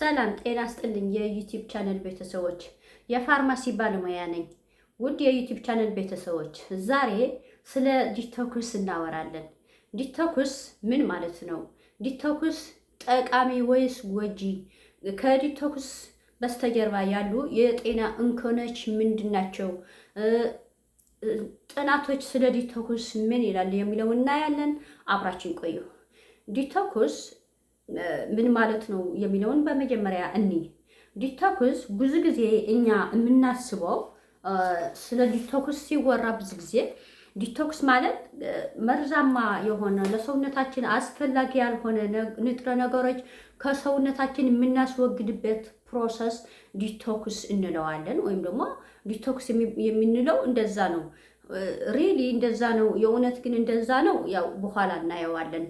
ሰላም ጤና ስጥልኝ። የዩቲዩብ ቻነል ቤተሰቦች የፋርማሲ ባለሙያ ነኝ። ውድ የዩቲዩብ ቻነል ቤተሰቦች ዛሬ ስለ ዲቶክስ እናወራለን። ዲቶክስ ምን ማለት ነው? ዲቶክስ ጠቃሚ ወይስ ጎጂ? ከዲቶክስ በስተጀርባ ያሉ የጤና እንከኖች ምንድን ናቸው? ጥናቶች ስለ ዲቶክስ ምን ይላል የሚለው እናያለን። አብራችን ቆዩ። ዲቶክስ ምን ማለት ነው የሚለውን በመጀመሪያ እኒ ዲቶክስ ብዙ ጊዜ እኛ የምናስበው ስለ ዲቶክስ ሲወራ ብዙ ጊዜ ዲቶክስ ማለት መርዛማ የሆነ ለሰውነታችን አስፈላጊ ያልሆነ ንጥረ ነገሮች ከሰውነታችን የምናስወግድበት ፕሮሰስ ዲቶክስ እንለዋለን። ወይም ደግሞ ዲቶክስ የምንለው እንደዛ ነው። ሪሊ እንደዛ ነው። የእውነት ግን እንደዛ ነው? ያው በኋላ እናየዋለን።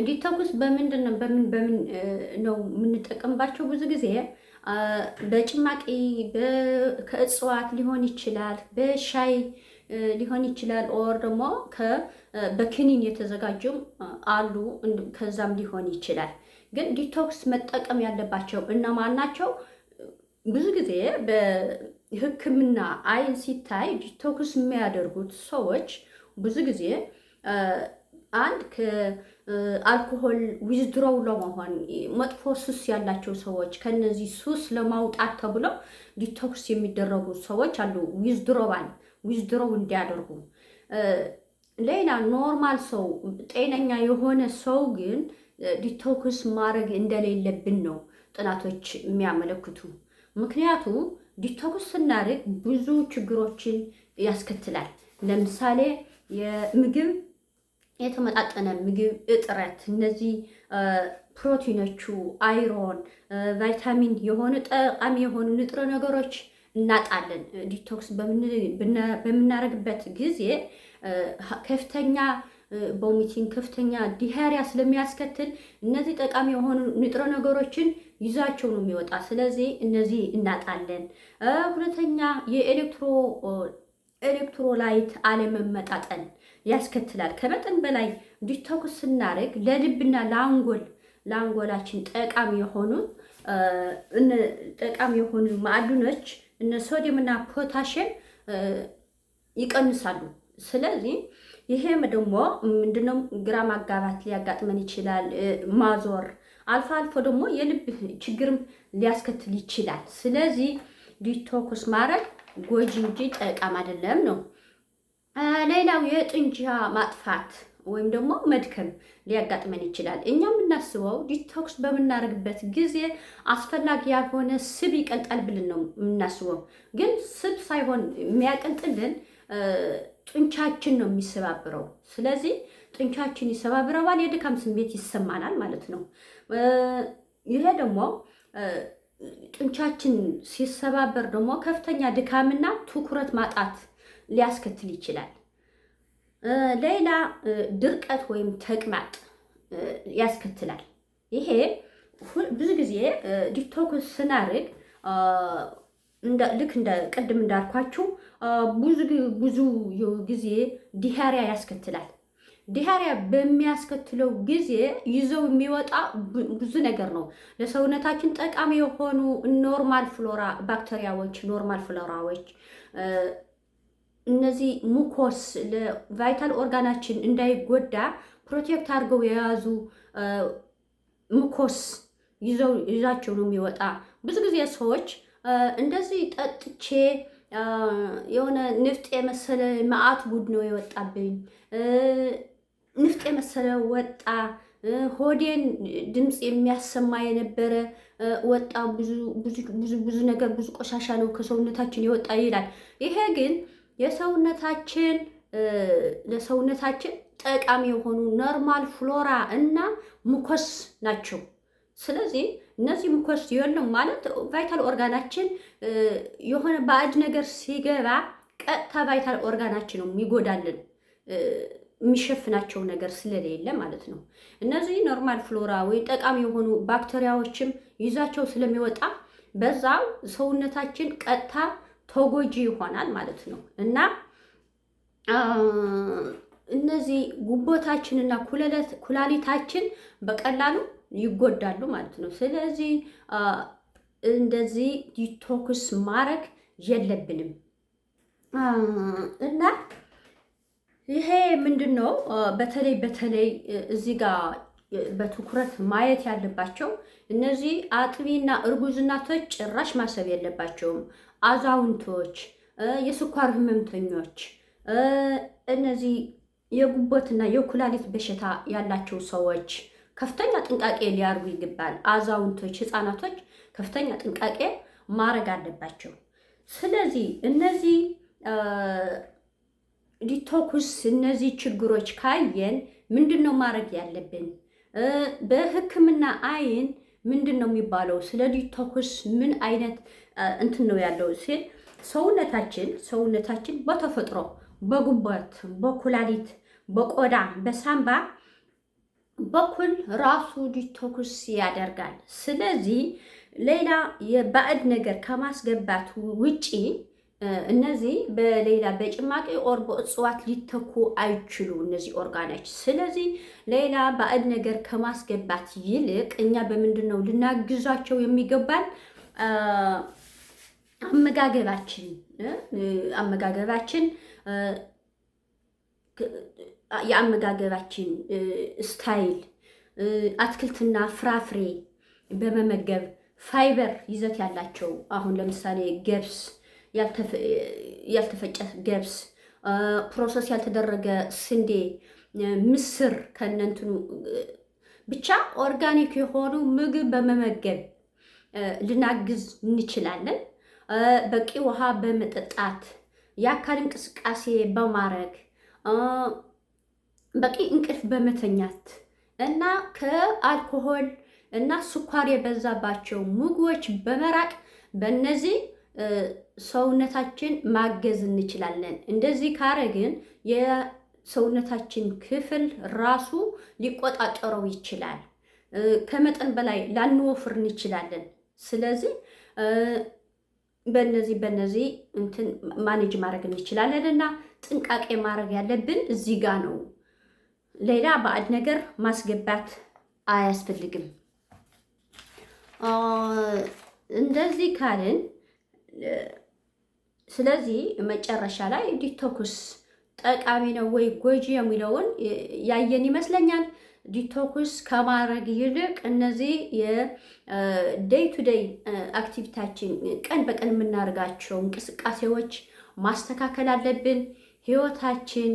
እንዲተኩስ በምንድን ነው በምን በምን ነው የምንጠቀምባቸው? ብዙ ጊዜ በጭማቂ ከእጽዋት ሊሆን ይችላል፣ በሻይ ሊሆን ይችላል። ኦር ደግሞ በክኒን የተዘጋጁም አሉ። ከዛም ሊሆን ይችላል። ግን ዲቶክስ መጠቀም ያለባቸው እነማን ናቸው? ብዙ ጊዜ በሕክምና አይን ሲታይ ዲቶክስ የሚያደርጉት ሰዎች ብዙ ጊዜ አንድ ከአልኮሆል ዊዝድሮው ለመሆን መጥፎ ሱስ ያላቸው ሰዎች ከነዚህ ሱስ ለማውጣት ተብለው ዲቶክስ የሚደረጉ ሰዎች አሉ። ዊዝድሮባል ዊዝድሮው እንዲያደርጉ ሌላ ኖርማል ሰው ጤነኛ የሆነ ሰው ግን ዲቶክስ ማድረግ እንደሌለብን ነው ጥናቶች የሚያመለክቱ። ምክንያቱ ዲቶክስ ስናደርግ ብዙ ችግሮችን ያስከትላል። ለምሳሌ የምግብ የተመጣጠነ ምግብ እጥረት እነዚህ ፕሮቲኖቹ፣ አይሮን፣ ቫይታሚን የሆኑ ጠቃሚ የሆኑ ንጥረ ነገሮች እናጣለን። ዲቶክስ በምናደርግበት ጊዜ ከፍተኛ ቦሚቲንግ ከፍተኛ ዲሃሪያ ስለሚያስከትል እነዚህ ጠቃሚ የሆኑ ንጥረ ነገሮችን ይዛቸው ነው የሚወጣ። ስለዚህ እነዚህ እናጣለን። ሁለተኛ የኤሌክትሮላይት አለመመጣጠን ያስከትላል። ከመጠን በላይ ዲቶክስ ስናደርግ ለልብና ለአንጎል ለአንጎላችን ጠቃሚ የሆኑ ጠቃሚ የሆኑ ማዕድኖች እነ ሶዲየምና ፖታሽን ይቀንሳሉ። ስለዚህ ይሄም ደግሞ ምንድነው ግራ ማጋባት ሊያጋጥመን ይችላል። ማዞር፣ አልፎ አልፎ ደግሞ የልብ ችግርም ሊያስከትል ይችላል። ስለዚህ ዲቶክስ ማድረግ ጎጂ እንጂ ጠቃም አይደለም ነው። ሌላው የጡንቻ ማጥፋት ወይም ደግሞ መድከም ሊያጋጥመን ይችላል። እኛ የምናስበው ዲቶክስ በምናደርግበት ጊዜ አስፈላጊ ያልሆነ ስብ ይቀልጣል ብልን ነው የምናስበው፣ ግን ስብ ሳይሆን የሚያቀልጥልን ጡንቻችን ነው የሚሰባብረው። ስለዚህ ጡንቻችን ይሰባብረዋል፣ የድካም ስሜት ይሰማናል ማለት ነው። ይሄ ደግሞ ጡንቻችን ሲሰባበር ደግሞ ከፍተኛ ድካምና ትኩረት ማጣት ሊያስከትል ይችላል። ሌላ ድርቀት ወይም ተቅማጥ ያስከትላል። ይሄ ብዙ ጊዜ ዲቶክ ስናርግ ልክ እንደ ቅድም እንዳልኳችሁ ብዙ ጊዜ ዲሃሪያ ያስከትላል። ዲሃሪያ በሚያስከትለው ጊዜ ይዘው የሚወጣ ብዙ ነገር ነው። ለሰውነታችን ጠቃሚ የሆኑ ኖርማል ፍሎራ ባክተሪያዎች፣ ኖርማል ፍሎራዎች እነዚህ ሙኮስ ቫይታል ኦርጋናችን እንዳይጎዳ ፕሮቴክት አድርገው የያዙ ሙኮስ ይዘው ይዛቸው ነው የሚወጣ። ብዙ ጊዜ ሰዎች እንደዚህ ጠጥቼ የሆነ ንፍጥ የመሰለ መዓት ጉድ ነው የወጣብኝ፣ ንፍጥ የመሰለ ወጣ፣ ሆዴን ድምፅ የሚያሰማ የነበረ ወጣ፣ ብዙ ነገር ብዙ ቆሻሻ ነው ከሰውነታችን የወጣ ይላል። ይሄ ግን የሰውነታችን ለሰውነታችን ጠቃሚ የሆኑ ኖርማል ፍሎራ እና ሙኮስ ናቸው። ስለዚህ እነዚህ ሙኮስ የሉም ማለት ቫይታል ኦርጋናችን የሆነ ባዕድ ነገር ሲገባ ቀጥታ ቫይታል ኦርጋናችን ነው የሚጎዳልን የሚሸፍናቸው ነገር ስለሌለ ማለት ነው። እነዚህ ኖርማል ፍሎራ ወይ ጠቃሚ የሆኑ ባክቴሪያዎችም ይዛቸው ስለሚወጣ በዛው ሰውነታችን ቀጥታ ተጎጂ ይሆናል ማለት ነው እና እነዚህ ጉቦታችንና ኩላሊታችን በቀላሉ ይጎዳሉ ማለት ነው። ስለዚህ እንደዚህ ዲቶክስ ማድረግ የለብንም እና ይሄ ምንድን ነው በተለይ በተለይ እዚህ ጋር በትኩረት ማየት ያለባቸው እነዚህ አጥቢና እርጉዝ እናቶች ጭራሽ ማሰብ የለባቸውም። አዛውንቶች፣ የስኳር ህመምተኞች፣ እነዚህ የጉበትና የኩላሊት በሽታ ያላቸው ሰዎች ከፍተኛ ጥንቃቄ ሊያርጉ ይገባል። አዛውንቶች፣ ህፃናቶች ከፍተኛ ጥንቃቄ ማድረግ አለባቸው። ስለዚህ እነዚህ ዲቶክስ እነዚህ ችግሮች ካየን ምንድን ነው ማድረግ ያለብን? በህክምና አይን ምንድን ነው የሚባለው? ስለ ዲቶክስ ምን አይነት እንትን ነው ያለው ሲል ሰውነታችን ሰውነታችን በተፈጥሮ በጉበት፣ በኩላሊት፣ በቆዳ፣ በሳምባ በኩል ራሱ ዲቶክስ ያደርጋል። ስለዚህ ሌላ የባዕድ ነገር ከማስገባት ውጪ እነዚህ በሌላ በጭማቂ ኦር በእጽዋት ሊተኩ አይችሉ እነዚህ ኦርጋኖች። ስለዚህ ሌላ ባዕድ ነገር ከማስገባት ይልቅ እኛ በምንድን ነው ልናግዛቸው የሚገባን? አመጋገባችን አመጋገባችን የአመጋገባችን ስታይል አትክልትና ፍራፍሬ በመመገብ ፋይበር ይዘት ያላቸው አሁን ለምሳሌ ገብስ ያልተፈጨ ገብስ፣ ፕሮሰስ ያልተደረገ ስንዴ፣ ምስር ከነንትኑ ብቻ ኦርጋኒክ የሆኑ ምግብ በመመገብ ልናግዝ እንችላለን። በቂ ውሃ በመጠጣት የአካል እንቅስቃሴ በማድረግ በቂ እንቅልፍ በመተኛት እና ከአልኮሆል እና ስኳር የበዛባቸው ምግቦች በመራቅ በእነዚህ ሰውነታችን ማገዝ እንችላለን። እንደዚህ ካረግን የሰውነታችን ክፍል ራሱ ሊቆጣጠረው ይችላል። ከመጠን በላይ ላንወፍር እንችላለን። ስለዚህ በነዚህ በነዚህ እንትን ማኔጅ ማድረግ እንችላለን እና ጥንቃቄ ማድረግ ያለብን እዚህ ጋ ነው። ሌላ ባዕድ ነገር ማስገባት አያስፈልግም። እንደዚህ ካልን ስለዚህ መጨረሻ ላይ ዲቶክስ ጠቃሚ ነው ወይ ጎጂ የሚለውን ያየን ይመስለኛል። ዲቶክስ ከማድረግ ይልቅ እነዚህ የዴይ ቱ ዴይ አክቲቪታችን ቀን በቀን የምናደርጋቸው እንቅስቃሴዎች ማስተካከል አለብን። ህይወታችን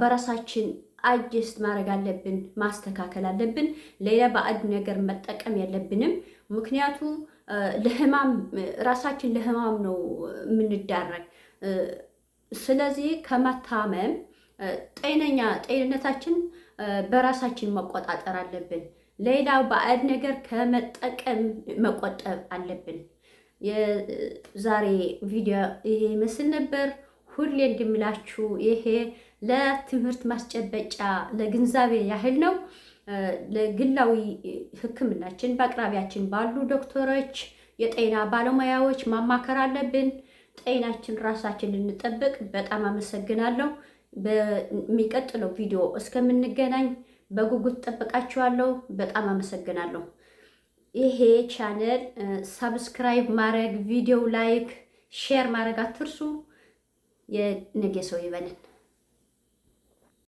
በራሳችን አጀስት ማድረግ አለብን፣ ማስተካከል አለብን። ሌላ ባዕድ ነገር መጠቀም የለብንም። ምክንያቱ ለህማም ራሳችን ለህማም ነው የምንዳረግ። ስለዚህ ከመታመም ጤነኛ ጤንነታችን በራሳችን መቆጣጠር አለብን። ሌላ ባዕድ ነገር ከመጠቀም መቆጠብ አለብን። የዛሬ ቪዲዮ ይሄ ይመስል ነበር። ሁሌ እንደምላችሁ ይሄ ለትምህርት ማስጨበጫ ለግንዛቤ ያህል ነው። ለግላዊ ሕክምናችን በአቅራቢያችን ባሉ ዶክተሮች፣ የጤና ባለሙያዎች ማማከር አለብን። ጤናችን ራሳችን ልንጠብቅ። በጣም አመሰግናለሁ። በሚቀጥለው ቪዲዮ እስከምንገናኝ በጉጉት ጠብቃችኋለሁ። በጣም አመሰግናለሁ። ይሄ ቻነል ሳብስክራይብ ማድረግ፣ ቪዲዮ ላይክ፣ ሼር ማድረግ አትርሱ። የነገ ሰው ይበልን።